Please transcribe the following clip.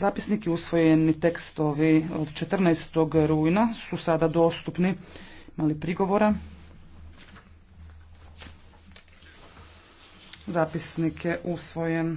Zapisnik usvojeni tekstovi od 14. rujna su sada dostupni. Imali prigovora? Zapisnik je usvojen.